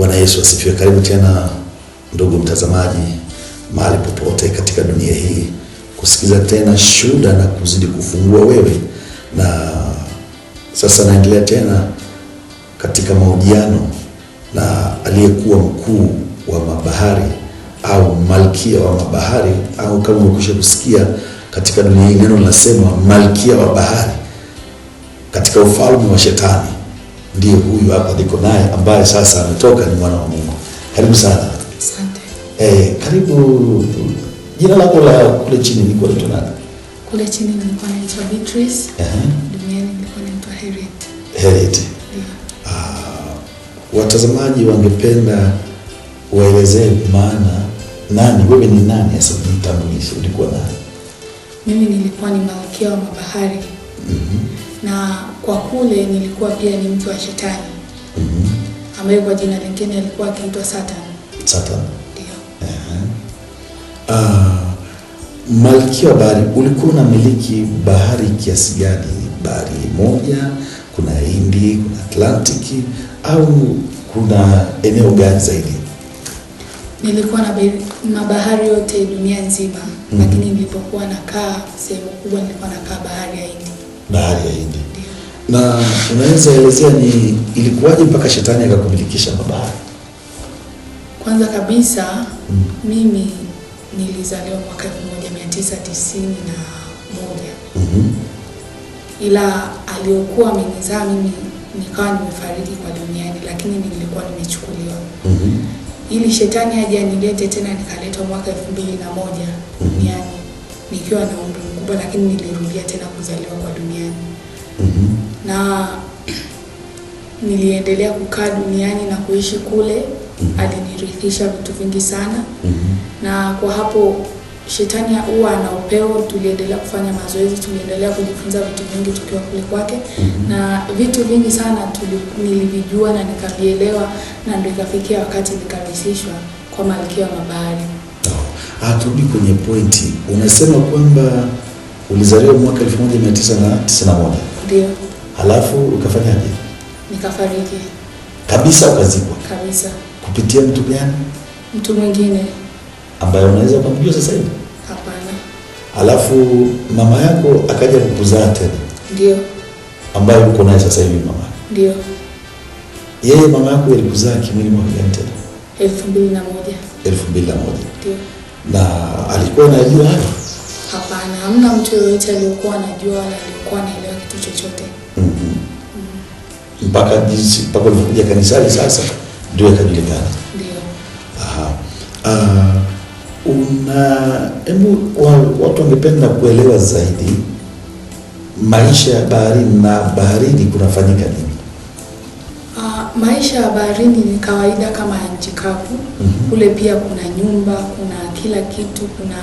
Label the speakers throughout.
Speaker 1: Bwana Yesu asifiwe. Karibu tena ndugu mtazamaji, mahali popote katika dunia hii kusikiza tena shuhuda na kuzidi kufungua wewe, na sasa naendelea tena katika mahojiano na aliyekuwa mkuu wa mabahari au malkia wa mabahari au kama umekwisha kusikia katika dunia hii neno linasema malkia wa bahari katika ufalme wa Shetani ndiye huyu hapa niko naye ambaye sasa ametoka, ni mwana wa Mungu. Karibu sana. Asante. Eh, karibu. Jina lako la kule chini ni kwa nani?
Speaker 2: Kule chini nilikuwa naitwa Beatrice. Eh. Duniani nilikuwa naitwa Harriet. Harriet. Yeah.
Speaker 1: Ah, watazamaji wangependa waelezee maana nani wewe, ni nani hasa? Nitambulishe, ulikuwa nani?
Speaker 2: Mimi nilikuwa ni malkia wa mabahari. Mhm. Mm na kwa kule nilikuwa pia ni mtu wa shetani mm -hmm. ambaye kwa jina lingine alikuwa akiitwa Satan. Satan. Ndio.
Speaker 1: Uh -huh. uh, Malkia wa Bahari, ulikuwa unamiliki bahari kiasi gani? Bahari moja, kuna Hindi, kuna Atlantic au kuna eneo gani zaidi?
Speaker 2: Nilikuwa na mabahari yote dunia nzima, mm -hmm. lakini nilipokuwa nakaa sehemu kubwa nilikuwa nakaa bahari ya Hindi
Speaker 1: bahari ya Hindi. Na unaweza elezea ni ilikuwaje mpaka shetani akakumilikisha kwa bahari?
Speaker 2: Kwanza kabisa hmm. mimi nilizaliwa mwaka 1991 mm -hmm. ila aliyokuwa amenizaa mimi nikawa nimefariki kwa duniani, lakini nilikuwa nimechukuliwa
Speaker 1: mm -hmm.
Speaker 2: ili shetani aje anilete tena, nikaletwa mwaka elfu mbili na moja mm -hmm. nikiwa na umri kubwa, lakini nilirudia tena kuzaliwa kwa duniani
Speaker 1: mm -hmm.
Speaker 2: na niliendelea kukaa duniani na kuishi kule mm -hmm. alinirithisha vitu vingi sana mm -hmm. na kwa hapo shetani huwa ana upeo. Tuliendelea kufanya mazoezi, tuliendelea kujifunza vitu vingi tukiwa kule kwake mm -hmm. na vitu vingi sana tuli, nilivijua na nikavielewa, na ndio ikafikia wakati nikaritishwa kwa malkia wa mabahari.
Speaker 1: Ah, turudi kwenye pointi, unasema kwamba Ulizaliwa mwaka 1991. Ndio. Halafu ukafanyaje?
Speaker 2: Nikafariki.
Speaker 1: Kabisa ukazikwa? Kabisa. Kupitia mtu gani?
Speaker 2: Mtu mwingine.
Speaker 1: Ambaye unaweza kumjua sasa hivi? Hapana. Halafu mama yako akaja kukuzaa tena? Ndio. Ambaye uko naye sasa hivi mama? Ndio. Yeye mama yako alikuzaa kimwili mwaka gani tena? 2001. 2001. Ndio. Na alikuwa anajua hayo?
Speaker 2: Hapana, hamna mtu yoyote aliyokuwa anajua na alikuwa anaelewa kitu chochote
Speaker 1: mm -hmm. mm -hmm. mpaka jinsi mpaka ulivyokuja kanisani sasa ndio ikajulikana. Ndio ah, una hebu watu wangependa kuelewa zaidi maisha ya baharini na baharini kunafanyika nini?
Speaker 2: Uh, maisha ya baharini ni kawaida kama ya nchi kavu mm -hmm. kule pia kuna nyumba, kuna kila kitu, kuna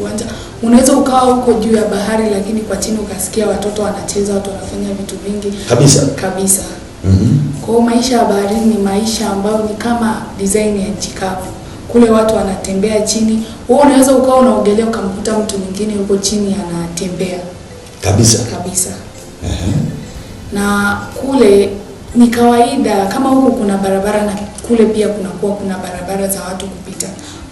Speaker 2: uwanja, unaweza ukawa huko juu ya bahari, lakini kwa chini ukasikia watoto wanacheza, watu wanafanya vitu vingi kabisa kabisa. mm -hmm. Kwa hiyo maisha ya baharini ni maisha ambayo ni kama design ya nchi kavu kule watu wanatembea chini, wewe unaweza ukawa unaogelea ukamkuta mtu mwingine yuko chini anatembea kabisa kabisa. Ehe. Na kule ni kawaida kama huku kuna barabara, na kule pia kunakuwa kuna barabara za watu kupita.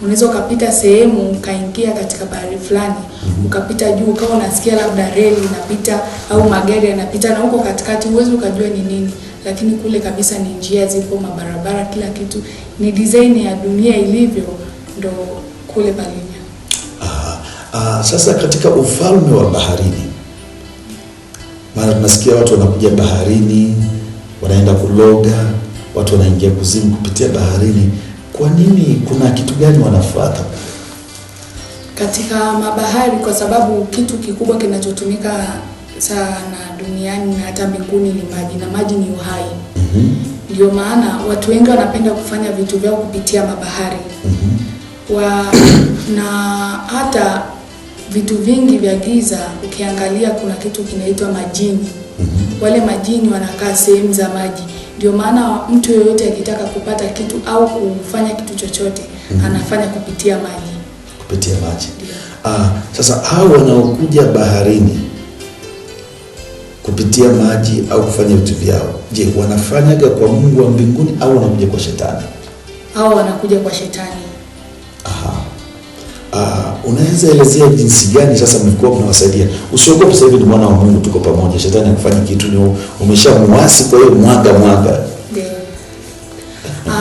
Speaker 2: Unaweza ukapita sehemu ukaingia katika bahari fulani, mhm. ukapita juu ukawa unasikia labda reli inapita au magari yanapita, na huko katikati huwezi ukajua ni nini, lakini kule kabisa ni njia zipo, mabarabara, kila kitu ni design ya dunia ilivyo, ndo kule Palinya.
Speaker 1: Aha. Ah, sasa katika ufalme wa baharini, mara tunasikia watu wanakuja baharini, wanaenda kuloga, watu wanaingia kuzimu kupitia baharini kwa nini? Kuna kitu gani wanafuata
Speaker 2: katika mabahari? Kwa sababu kitu kikubwa kinachotumika sana duniani na hata mbinguni ni maji, na maji ni uhai. Mhm. Ndio mm -hmm. maana watu wengi wanapenda kufanya vitu vyao kupitia mabahari
Speaker 1: mm -hmm.
Speaker 2: wa, na hata vitu vingi vya giza ukiangalia, kuna kitu kinaitwa majini mm -hmm. wale majini wanakaa sehemu za maji ndio maana mtu yoyote akitaka kupata kitu au kufanya kitu chochote mm anafanya kupitia maji,
Speaker 1: kupitia maji Ah, sasa hao wanaokuja baharini kupitia maji au kufanya vitu vyao, je, wanafanyaga kwa Mungu wa mbinguni au wanakuja kwa shetani?
Speaker 2: Au wanakuja kwa shetani
Speaker 1: Uh, unaweza elezea jinsi gani sasa mlikuwa mnawasaidia? Usiogope, sasa hivi ni mwana wa Mungu, tuko pamoja. Shetani akufanya kitu, ni umeshamuasi, kwa hiyo mwaga mwaga.
Speaker 2: Uh,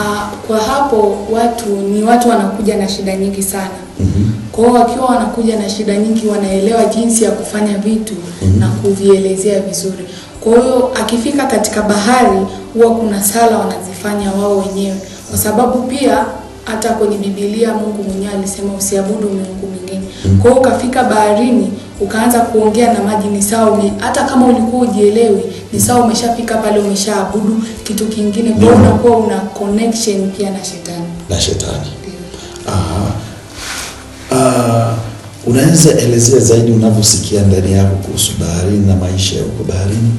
Speaker 2: kwa hapo watu ni watu wanakuja na shida nyingi sana. mm -hmm. Kwa hiyo wakiwa wanakuja na shida nyingi, wanaelewa jinsi ya kufanya vitu mm -hmm. na kuvielezea vizuri. Kwa hiyo akifika katika bahari, huwa kuna sala wanazifanya wao wenyewe, kwa sababu pia hata kwenye Biblia Mungu mwenyewe alisema usiabudu miungu mingine. Mm. Kwa hiyo ukafika baharini ukaanza kuongea na maji, ni sawa. Hata kama ulikuwa ujielewi, ni sawa, umeshafika pale, umeshaabudu kitu kingine. Kwa hiyo mm. unakuwa una connection pia na shetani
Speaker 1: na shetani. Aha. Uh, unaweza elezea zaidi unavyosikia ndani yako kuhusu baharini na maisha ya huko baharini?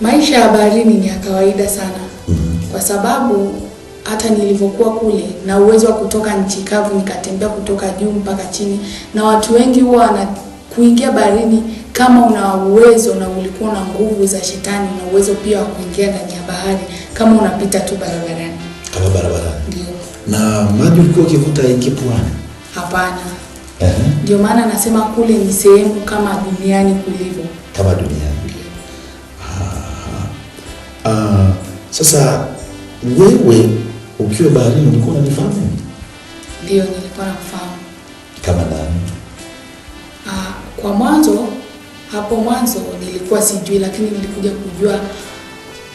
Speaker 2: Maisha ya baharini ni ya kawaida sana mm -hmm. kwa sababu hata nilivyokuwa kule na uwezo wa kutoka nchi kavu nikatembea kutoka juu mpaka chini, na watu wengi huwa wana kuingia baharini kama una uwezo na ulikuwa na nguvu za shetani, na uwezo pia wa kuingia ndani ya bahari kama unapita tu barabarani, kama barabarani ndio.
Speaker 1: Na maji ulikuwa ukivuta ingi
Speaker 2: Hapana, ndio uh -huh. Maana nasema kule ni sehemu kama duniani kulivyo,
Speaker 1: kama duniani ah, ah. Ah. Sasa wewe ukiwa baharini ulikuwa unanifahamu?
Speaker 2: Ndio, nilikuwa nakufahamu. Kama nani? Ah, kwa mwanzo hapo mwanzo nilikuwa sijui, lakini nilikuja kujua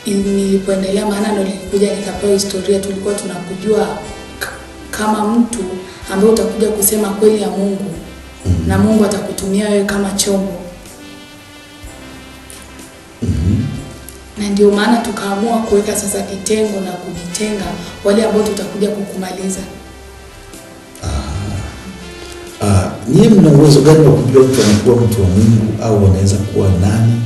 Speaker 2: nilipoendelea, maana ndo nilikuja nikapewa historia. Tulikuwa tunakujua kama mtu ambaye utakuja kusema kweli ya Mungu mm -hmm. na Mungu atakutumia wewe kama chombo na ndio maana tukaamua kuweka sasa kitengo na kujitenga wale ambao tutakuja kukumaliza.
Speaker 1: Ah, ah, nyie mna uwezo gani wa kujua mtu anakuwa mtu wa Mungu au anaweza kuwa nani?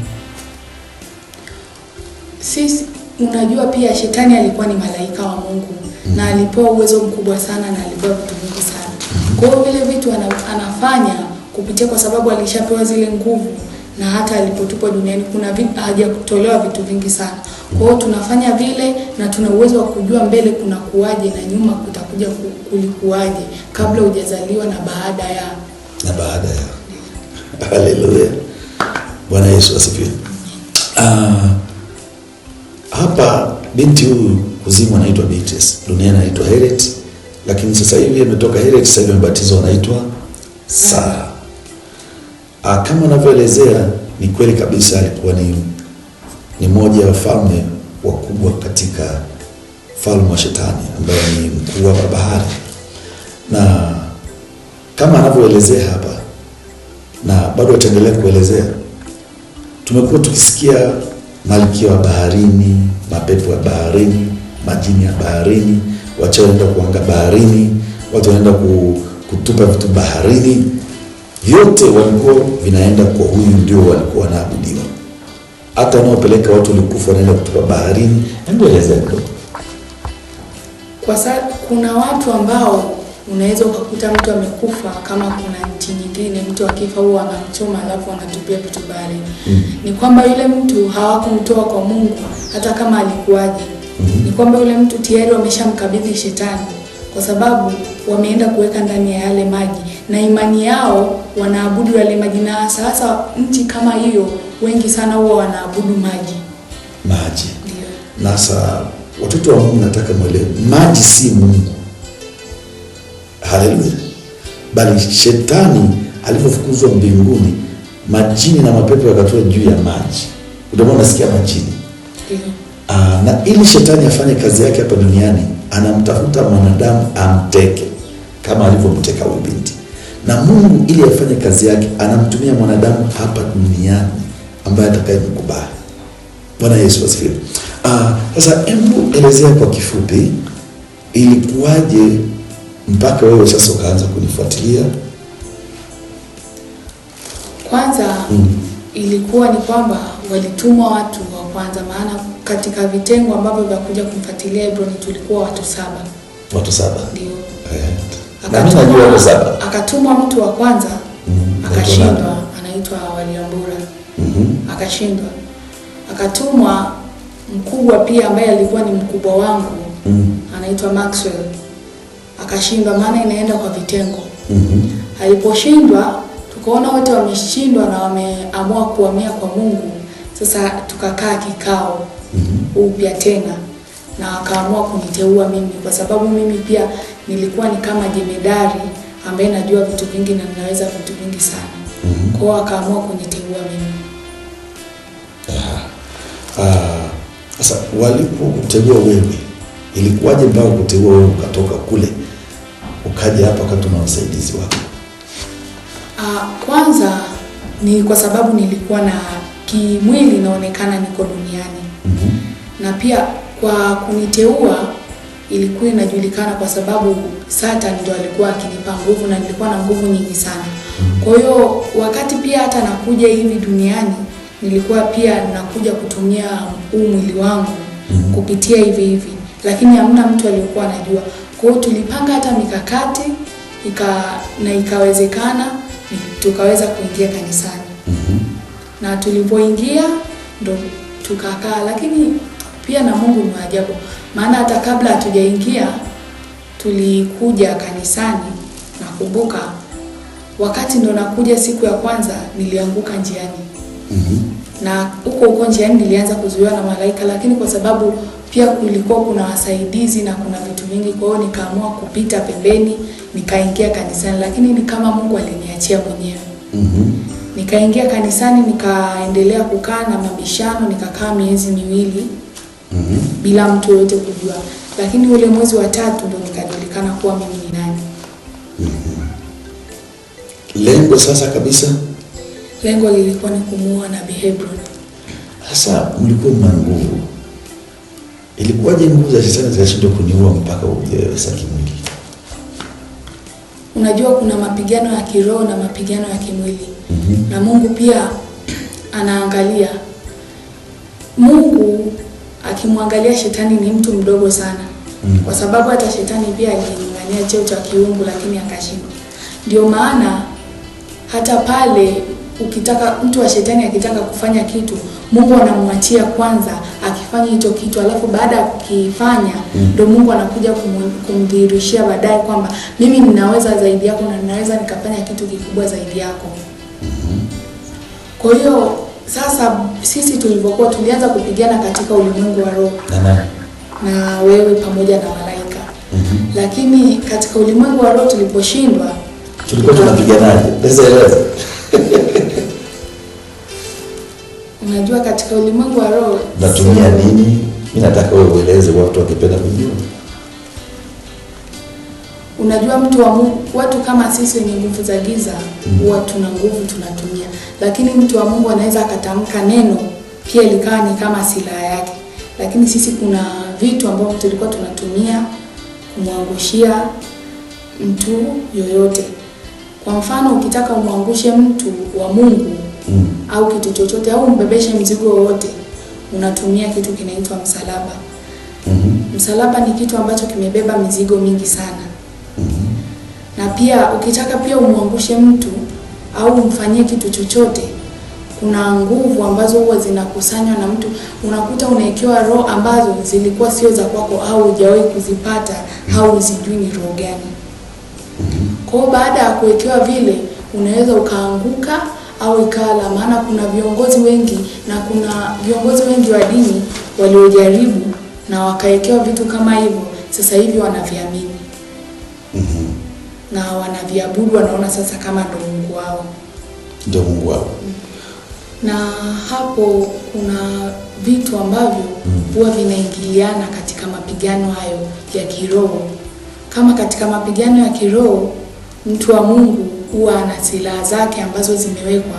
Speaker 2: Sisi unajua, pia shetani alikuwa ni malaika wa Mungu mm. na alipewa uwezo mkubwa sana na alipewa vitu vingi sana mm. kwa hiyo vile vitu anafanya kupitia, kwa sababu alishapewa zile nguvu na hata alipotupwa duniani kuna vitu hajakutolewa vitu vingi sana. Kwa hiyo tunafanya vile na tuna uwezo wa kujua mbele kuna kuwaje na nyuma kutakuja kulikuwaje kabla hujazaliwa na baada ya
Speaker 1: na baada ya. Haleluya. Bwana Yesu asifiwe. Ah, hapa binti huyu kuzimu anaitwa Beatrice, duniani anaitwa Heret, lakini sasa hivi ametoka Heret, sasa hivi amebatizwa anaitwa Sara. Ah, kama anavyoelezea ni kweli kabisa, alikuwa ni, ni moja ya wafalme wakubwa katika falme wa Shetani ambaye ni mkuu wa bahari, na kama anavyoelezea hapa na bado ataendelea kuelezea, tumekuwa tukisikia malkia wa baharini, mapepo ya baharini, majini ya baharini, wachaenda kuanga baharini, watu wanaenda kutupa vitu baharini vyote walikuwa vinaenda kwa huyu, ndio walikuwa wanaabudiwa. Hata wanaopeleka watu walikufa wanaenda kutoka baharini. Hebu eleza
Speaker 2: Kwa sababu kuna watu ambao unaweza ukakuta mtu amekufa, kama kuna nchi nyingine mtu akifa huwa anamchoma alafu anatupia vitu baharini. mm. ni kwamba yule mtu hawakumtoa kwa Mungu hata kama alikuwaje. mm -hmm. ni kwamba yule mtu tayari wameshamkabidhi shetani kwa sababu wameenda kuweka ndani ya yale maji na imani yao wanaabudu yale maji. Na sasa nchi kama hiyo, wengi sana huwa wanaabudu maji
Speaker 1: maji. nasa watoto wa Mungu, nataka mwele maji si Mungu. Haleluya! Bali shetani alivyofukuzwa mbinguni, majini na mapepo yakatua juu ya maji, ndio maana nasikia majini. Ndio. Ah, na ili shetani afanye kazi yake hapa duniani anamtafuta mwanadamu amteke kama alivyomteka huyu binti, na Mungu ili afanye kazi yake anamtumia mwanadamu hapa duniani ambaye atakayemkubali. Bwana Yesu asifiwe. Ah, sasa hebu elezea kwa kifupi, ilikuwaje mpaka wewe sasa ukaanza kunifuatilia?
Speaker 2: Kwanza mm. ilikuwa ni kwamba walitumwa watu wa kwanza, maana katika vitengo ambavyo vya kuja kumfuatilia Hebron tulikuwa watu saba. Watu saba. Ndio.
Speaker 1: Yeah. Eh.
Speaker 2: Akatuma mtu wa kwanza mm, akashindwa, anaitwa Waliambura Mhm. Akashindwa, akatumwa mkubwa pia ambaye alikuwa ni mkubwa wangu mm, anaitwa Maxwell akashindwa, maana inaenda kwa vitengo Mhm. Aliposhindwa tukaona wote wameshindwa na wameamua kuhamia kwa Mungu. Sasa tukakaa kikao upya tena na akaamua kuniteua mimi, kwa sababu mimi pia nilikuwa ni kama jemedari ambaye najua vitu vingi na ninaweza vitu vingi sana mm -hmm. Kwao akaamua kuniteua mimi.
Speaker 1: Ah, sasa walipokuteua wewe, ilikuwaje mpaka kuteua wewe ukatoka kule ukaja hapa kati na wasaidizi wako?
Speaker 2: Ah, kwanza ni kwa sababu nilikuwa na kimwili naonekana niko duniani mm -hmm na pia kwa kuniteua ilikuwa inajulikana kwa sababu Satan ndio alikuwa akinipa nguvu na nilikuwa na nguvu nyingi sana. Kwa hiyo wakati pia hata nakuja hivi duniani nilikuwa pia nakuja kutumia huu mwili wangu kupitia hivi hivi, lakini hamna mtu aliyokuwa anajua. Kwa hiyo tulipanga hata mikakati ika, na ikawezekana tukaweza kuingia kanisani mhm. na tulipoingia ndo tukakaa, lakini pia na Mungu ni ajabu, maana hata kabla hatujaingia tulikuja kanisani. Nakumbuka wakati ndo nakuja siku ya kwanza nilianguka njiani mm -hmm. na huko huko njiani nilianza kuzuiwa na malaika, lakini kwa sababu pia kulikuwa kuna wasaidizi na kuna vitu vingi, kwa hiyo nikaamua kupita pembeni nikaingia kanisani, lakini ni kama Mungu aliniachia mwenyewe
Speaker 1: mm -hmm.
Speaker 2: Nikaingia kanisani nikaendelea kukaa na mabishano, nikakaa miezi miwili -hmm. bila mtu yoyote kujua, lakini ule mwezi wa tatu ndo nikajulikana kuwa mimi ni nani.
Speaker 1: mm -hmm. Lengo sasa kabisa,
Speaker 2: lengo lilikuwa ni kumuua Nabii Hebron.
Speaker 1: Sasa mlikuwa mna nguvu, ilikuwaje nguvu za shetani zikashindwa kuniua mpaka uje sasa kimwili?
Speaker 2: Unajua, kuna mapigano ya kiroho na mapigano ya kimwili. mm -hmm. na Mungu pia anaangalia Mungu akimwangalia shetani ni mtu mdogo sana mm. Kwa sababu hata shetani pia alinyang'ania cheo cha kiungu lakini akashindwa. Ndio maana hata pale ukitaka mtu wa shetani akitaka kufanya kitu Mungu anamwachia kwanza akifanya hicho kitu, alafu baada ya kukifanya ndo mm. Mungu anakuja kumdhihirishia baadaye kwamba mimi ninaweza zaidi yako na ninaweza nikafanya kitu kikubwa zaidi yako. Mm-hmm. Kwa hiyo sasa sisi tulivyokuwa tulianza kupigana katika ulimwengu wa roho na wewe pamoja na malaika mm -hmm. Lakini katika ulimwengu wa roho tuliposhindwa,
Speaker 1: tulikuwa tunapiganaje?
Speaker 2: Unajua, katika ulimwengu wa roho
Speaker 1: natumia nini? Mimi nataka wewe ueleze, watu wakipenda kujua
Speaker 2: Unajua mtu wa Mungu, watu kama sisi wenye nguvu za giza huwa tuna nguvu tunatumia, lakini mtu wa Mungu anaweza akatamka neno pia likawa ni kama silaha yake, lakini sisi kuna vitu ambavyo tulikuwa tunatumia kumwangushia mtu yoyote. Kwa mfano, ukitaka umwangushe mtu wa Mungu mm. au kitu chochote au umbebeshe mzigo wowote, unatumia kitu kinaitwa msalaba mm-hmm. Msalaba ni kitu ambacho kimebeba mizigo mingi sana na pia ukitaka pia umwangushe mtu au umfanyie kitu chochote, kuna nguvu ambazo huwa zinakusanywa na mtu, unakuta unaekewa roho ambazo zilikuwa sio za kwako au hujawahi kuzipata au usijui ni roho gani. Kwao baada ya kuwekewa vile, unaweza ukaanguka au ikala. Maana kuna viongozi wengi na kuna viongozi wengi wa dini waliojaribu na wakawekewa vitu kama hivyo, sasa hivi wanaviamini na wanaviabudu, wanaona sasa kama ndo Mungu wao,
Speaker 1: ndio Mungu wao.
Speaker 2: Na hapo kuna vitu ambavyo mm. huwa mm. vinaingiliana katika mapigano hayo ya kiroho. Kama katika mapigano ya kiroho, mtu wa Mungu huwa ana silaha zake ambazo zimewekwa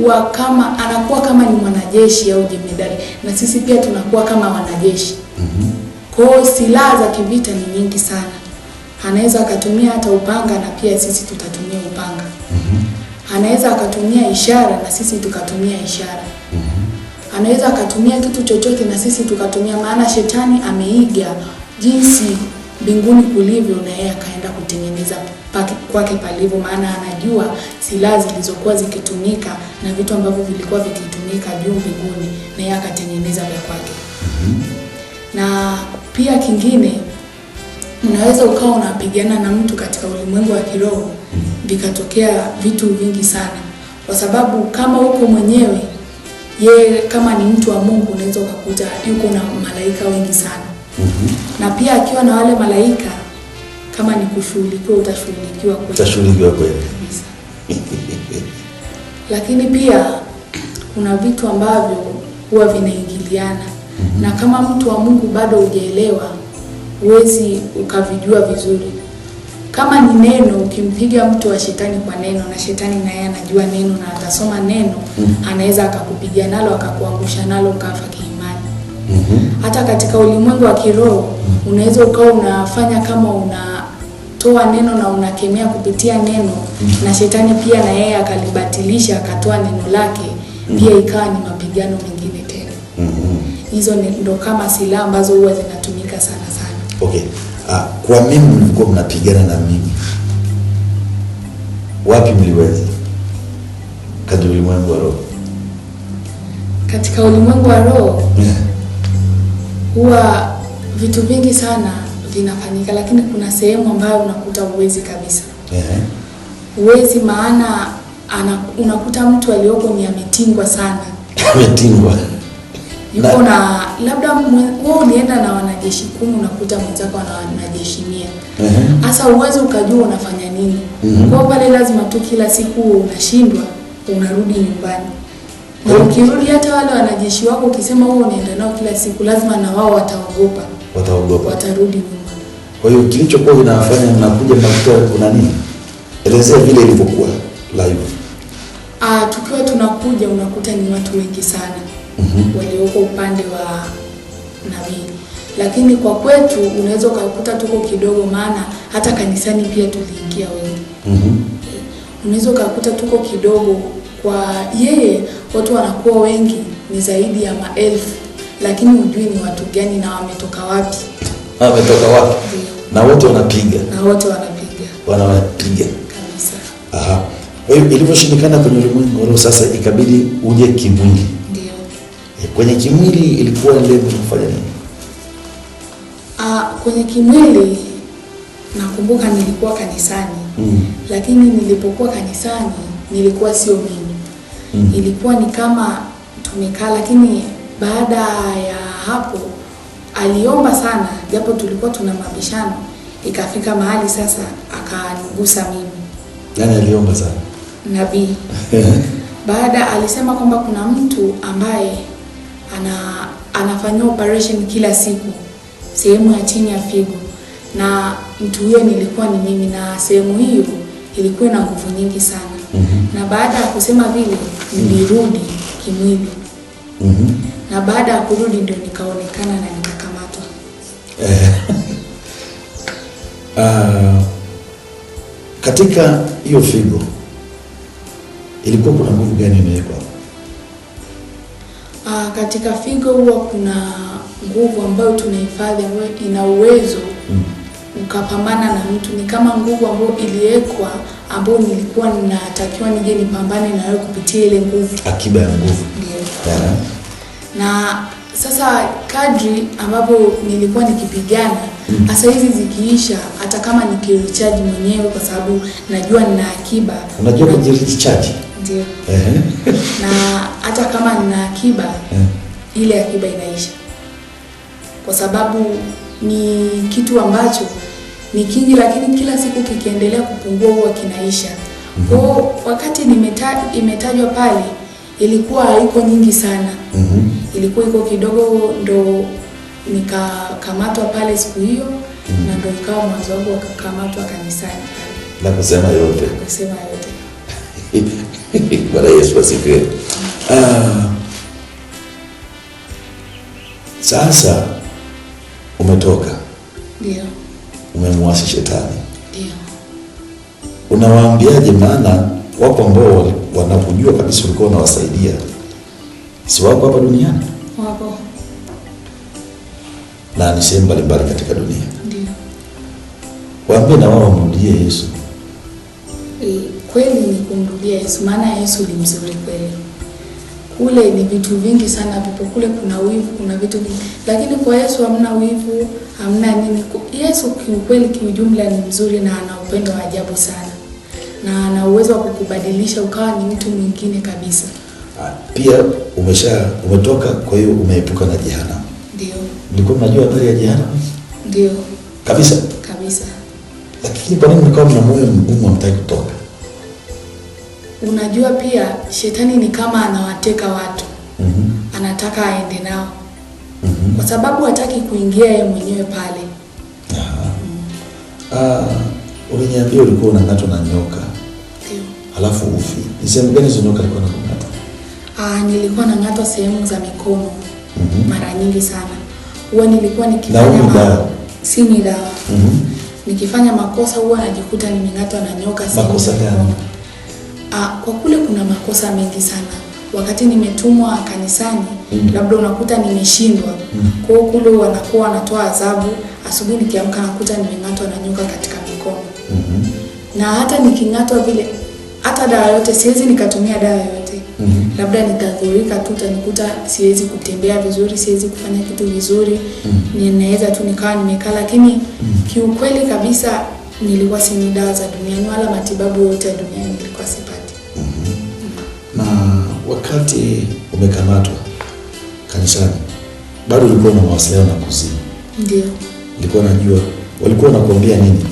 Speaker 2: huwa kama anakuwa kama ni mwanajeshi au jemedari, na sisi pia tunakuwa kama wanajeshi
Speaker 1: mm -hmm.
Speaker 2: Kwa hiyo silaha za kivita ni nyingi sana, anaweza akatumia hata upanga na pia sisi tutatumia upanga. Mhm. Anaweza akatumia ishara na sisi tukatumia ishara. Mhm. Anaweza akatumia kitu chochote na sisi tukatumia, maana shetani ameiga jinsi mbinguni kulivyo, na yeye akaenda kutengeneza kwake palivyo, maana anajua silaha zilizokuwa zikitumika na vitu ambavyo vilikuwa vikitumika juu mbinguni, na yeye akatengeneza vya kwake. Mhm. Na pia kingine unaweza ukawa unapigana na mtu katika ulimwengu wa kiroho, vikatokea vitu vingi sana, kwa sababu kama uko mwenyewe, ye kama ni mtu wa Mungu, unaweza ukakuta yuko na malaika wengi sana
Speaker 1: mm -hmm.
Speaker 2: na pia akiwa na wale malaika, kama ni kushughulikiwa, utashughulikiwa kweli,
Speaker 1: utashughulikiwa kweli
Speaker 2: lakini pia kuna vitu ambavyo huwa vinaingiliana mm -hmm. na kama mtu wa Mungu bado hujaelewa huwezi ukavijua vizuri. Kama ni neno, ukimpiga mtu wa shetani kwa neno, na shetani naye anajua neno na atasoma neno mm anaweza akakupiga nalo akakuangusha nalo ukafa kiimani mm -hmm. hata katika ulimwengu wa kiroho mm-hmm. unaweza ukawa unafanya kama unatoa neno na unakemea kupitia neno mm -hmm. na shetani pia na yeye akalibatilisha akatoa neno lake mm -hmm. pia ikawa ni mapigano mengine tena mm hizo -hmm. ndo kama silaha ambazo huwa zinatumika
Speaker 1: Okay. Ah, kwa mimi mlikuwa mnapigana na mimi wapi? Mliweza katika ulimwengu wa roho,
Speaker 2: katika ulimwengu wa roho huwa vitu vingi sana vinafanyika, lakini kuna sehemu ambayo unakuta uwezi kabisa. Yeah. Uwezi maana ana, unakuta mtu aliyoko ni ametingwa sana
Speaker 1: ametingwa
Speaker 2: Yuko na labda wewe unaenda na wanajeshi kumi unakuta mwenzako na wanajeshi mia. Sasa uweze ukajua unafanya nini. uh Kwa hiyo pale lazima tu kila siku unashindwa unarudi nyumbani. Na ukirudi hata wale wanajeshi wako ukisema wewe unaenda nao kila siku lazima na wao wataogopa. Wataogopa. Watarudi nyumbani.
Speaker 1: Kwa hiyo kilichokuwa kinafanya mnakuja mnakuta kuna nini? Elezea vile ilivyokuwa live.
Speaker 2: Ah, tukiwa tunakuja unakuta ni watu wengi sana. -hmm. walioko upande wa nabii, lakini kwa kwetu unaweza ukakuta tuko kidogo, maana hata kanisani pia tuliingia wengi mm -hmm. unaweza ukakuta tuko kidogo. Kwa yeye watu wanakuwa wengi, ni zaidi ya maelfu, lakini hujui ni watu gani na wametoka wapi,
Speaker 1: wametoka wapi, na wote wanapiga,
Speaker 2: na wote wanapiga,
Speaker 1: wanawapiga
Speaker 2: kabisa.
Speaker 1: Aha, ilivyoshindikana kwenye ulimwengu, sasa ikabidi uje kimwili Kwenye kimwili ilikuwa lengo kufanya nini?
Speaker 2: Ah, kwenye kimwili nakumbuka nilikuwa kanisani mm. Lakini nilipokuwa kanisani nilikuwa sio mimi mm. Ilikuwa ni kama tumekaa, lakini baada ya hapo aliomba sana, japo tulikuwa tuna mabishano, ikafika mahali sasa akanigusa mimi.
Speaker 1: Yani aliomba sana?
Speaker 2: Nabii baada alisema kwamba kuna mtu ambaye ana, anafanyiwa operation kila siku sehemu ya chini ya figo, na mtu huyo nilikuwa ni mimi, na sehemu hiyo ilikuwa na nguvu nyingi sana mm -hmm. na baada ya kusema vile nilirudi kimwili
Speaker 1: mm -hmm.
Speaker 2: na baada ya kurudi ndio nikaonekana na nikakamatwa.
Speaker 1: Uh, katika hiyo figo ilikuwa kuna nguvu gani imewekwa?
Speaker 2: katika figo huwa kuna nguvu ambayo tunahifadhi ambayo ina uwezo mm. ukapambana na mtu, ni kama nguvu ambayo iliwekwa ambayo nilikuwa ninatakiwa nije nipambane nayo kupitia ile nguvu,
Speaker 1: akiba ya nguvu yeah.
Speaker 2: na sasa kadri ambapo nilikuwa nikipigana mm. hasa hizi zikiisha, hata kama nikirecharge mwenyewe, kwa sababu najua nina akiba.
Speaker 1: Unajua kujirecharge
Speaker 2: ndio. na hata kama nina akiba ile akiba inaisha, kwa sababu ni kitu ambacho ni kingi, lakini kila siku kikiendelea kupungua huwa kinaisha. ko mm -hmm. wakati nimeta, imetajwa pale ilikuwa haiko nyingi sana mm -hmm. ilikuwa iko kidogo, ndo nikakamatwa pale siku hiyo mm -hmm. na ndo ikawa mwanzo wangu wakakamatwa kanisani pale
Speaker 1: na kusema yote,
Speaker 2: na kusema yote
Speaker 1: Bwana Yesu asifiwe. Ah, sasa umetoka, ndio umemwasi shetani, ndio unawaambiaje? Maana wapo ambao wanakujua kabisa ulikuwa unawasaidia, si wako hapa duniani, wapo na ni sehemu mbalimbali katika dunia, ndio waambie na wao wamrudie Yesu
Speaker 2: eh kweli ni kumrudia Yesu, maana Yesu ni mzuri kweli. Kule ni vitu vingi sana vipo kule, kuna wivu, kuna vitu vingi, lakini kwa Yesu hamna wivu, hamna nini. Yesu kiukweli, kiujumla ni mzuri na ana upendo wa ajabu sana, na ana uwezo wa kukubadilisha ukawa ni mtu mwingine kabisa.
Speaker 1: Ah, pia umesha umetoka, kwa hiyo umeepuka na jehanamu. Ndio nilikuwa najua habari ya jehanamu, ndio kabisa kabisa. Lakini kwa nini mkao mna moyo mgumu, hamtaki kutoka?
Speaker 2: Unajua pia shetani ni kama anawateka watu mm -hmm. anataka aende nao mm -hmm. kwa sababu hataki kuingia yeye mwenyewe pale.
Speaker 1: uh, ah, Uliniambia ulikuwa unang'atwa na nyoka Dio. Alafu ufi ni sehemu gani hizo nyoka alikuwa nakung'ata?
Speaker 2: Ah, nilikuwa nang'atwa sehemu za mikono mm -hmm. mara nyingi sana huwa nilikuwa
Speaker 1: nikifanya ma...
Speaker 2: si ni dawa mm -hmm. nikifanya makosa huwa najikuta nimeng'atwa na nyoka.
Speaker 1: Makosa gani?
Speaker 2: Ah, kwa kule kuna makosa mengi sana. Wakati nimetumwa kanisani mm. labda unakuta nimeshindwa mm. kwa hiyo kule wanakuwa wanatoa adhabu. Asubuhi nikiamka nakuta nimeng'atwa na nyoka katika mikono
Speaker 1: mm -hmm.
Speaker 2: na hata niking'atwa vile, hata dawa yote siwezi nikatumia dawa yote mm -hmm. labda nikadhurika tu, utanikuta siwezi kutembea vizuri, siwezi kufanya kitu vizuri mm -hmm. ninaweza tu nikawa nimekaa, lakini mm -hmm. kiukweli kabisa nilikuwa sini dawa za duniani wala matibabu yote ya duniani nilikuwa sipa
Speaker 1: na wakati umekamatwa kanisani bado ulikuwa na mawasiliano na kuzimu? Ndio. Nilikuwa najua walikuwa wanakuambia nini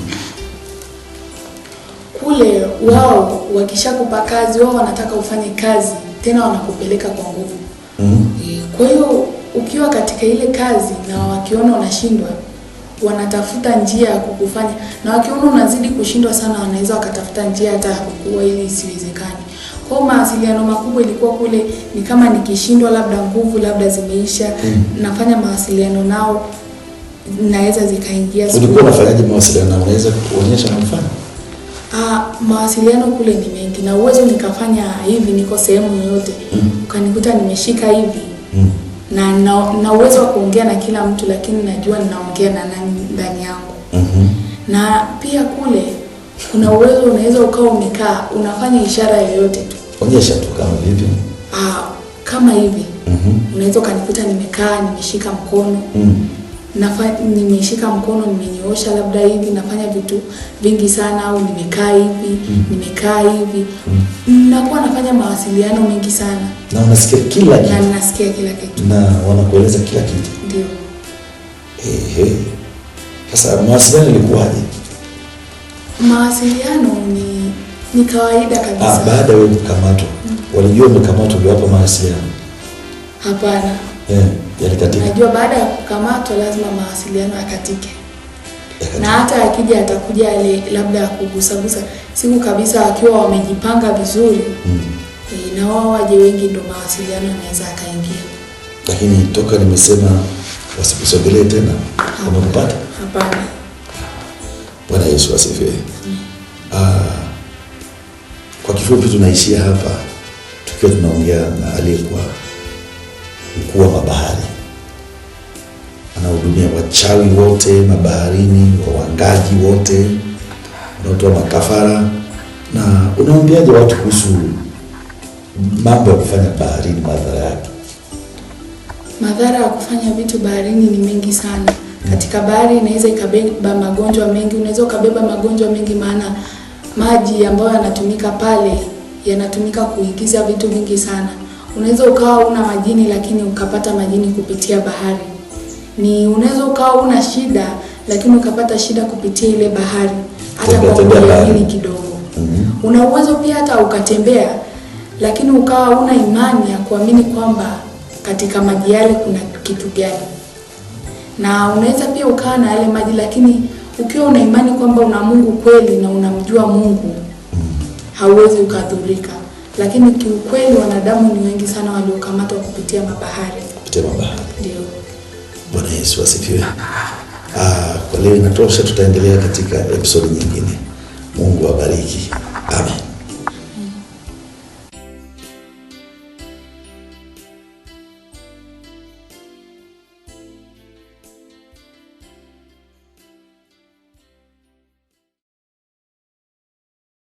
Speaker 2: kule? Wao wakishakupa kazi, wao wanataka ufanye kazi tena, wanakupeleka kwa nguvu.
Speaker 1: mm -hmm.
Speaker 2: Kwa hiyo ukiwa katika ile kazi na wakiona unashindwa wanatafuta njia ya kukufanya, na wakiona unazidi kushindwa sana, wanaweza wakatafuta njia hata ya kukua ili isiwezekane. Kwa mawasiliano makubwa ilikuwa kule ni kama nikishindwa, labda nguvu labda zimeisha mm. nafanya mawasiliano nao naweza zikaingia.
Speaker 1: Ulikuwa unafanyaje mawasiliano nao, unaweza kuonyesha mfano?
Speaker 2: Ah, mawasiliano kule ni mengi na uwezo nikafanya hivi, niko sehemu yoyote mm. ukanikuta nimeshika hivi mm. na, na, na uwezo wa kuongea na kila mtu, lakini najua ninaongea na nani ndani yangu
Speaker 1: mm -hmm.
Speaker 2: na pia kule Una uwezo, unaweza ukawa umekaa unafanya ishara yoyote tu,
Speaker 1: onyesha tu kama hivi.
Speaker 2: Ah, kama hivi mm -hmm. Unaweza ukanikuta nimekaa nimeshika mkono mm. Nafa, nimeshika mkono nimenyoosha, labda hivi, nafanya vitu vingi sana, au nimekaa hivi mm. nimekaa hivi mm. nakuwa nafanya mawasiliano mengi sana,
Speaker 1: na unasikia kila
Speaker 2: kitu, na nasikia kila kitu,
Speaker 1: na wanakueleza kila kitu, ndio. Ehe, sasa mawasiliano ilikuwaje?
Speaker 2: Mawasiliano ni ni kawaida
Speaker 1: kabisa. Ah, baada ya kukamatwa, mm. walijua umekamatwa ndio hapo mawasiliano? Hapana. Eh, yeah, yalikatika.
Speaker 2: Najua baada ya kukamatwa lazima mawasiliano yakatike. Na hata akija atakuja ale labda kugusagusa siku kabisa akiwa wamejipanga vizuri. Mm. E, na wao waje wengi ndio mawasiliano yanaweza kaingia.
Speaker 1: Lakini toka nimesema wasikusogelee tena. Hapana. Hapana. Bwana Yesu asifiwe. Ah, kwa kifupi tunaishia hapa tukiwa tunaongea na aliyekuwa mkuu wa mabahari, anahudumia wachawi wote mabaharini, wawangaji wote, unaotoa makafara na unaambiaje watu kuhusu mambo ya kufanya baharini, madhara yake.
Speaker 2: Madhara ya kufanya vitu baharini ni mengi sana katika bahari inaweza ikabeba magonjwa mengi, unaweza ukabeba magonjwa mengi, maana maji ambayo yanatumika pale yanatumika kuingiza vitu vingi sana. Unaweza ukawa una majini lakini ukapata majini kupitia bahari, ni unaweza ukawa una shida lakini ukapata shida kupitia ile bahari, hata
Speaker 1: kwa kujiamini kidogo. mm -hmm.
Speaker 2: Una uwezo pia hata ukatembea, lakini ukawa una imani ya kuamini kwamba katika maji yale kuna kitu gani na unaweza pia ukaa na yale maji, lakini ukiwa una imani kwamba una Mungu kweli na unamjua Mungu hauwezi ukadhurika. Lakini kiukweli wanadamu ni wengi sana waliokamatwa kupitia mabahari, kupitia mabahari. Ndio.
Speaker 1: Bwana Yesu asifiwe. Ah, kwa leo inatosha, tutaendelea katika episode nyingine. Mungu awabariki. Amen.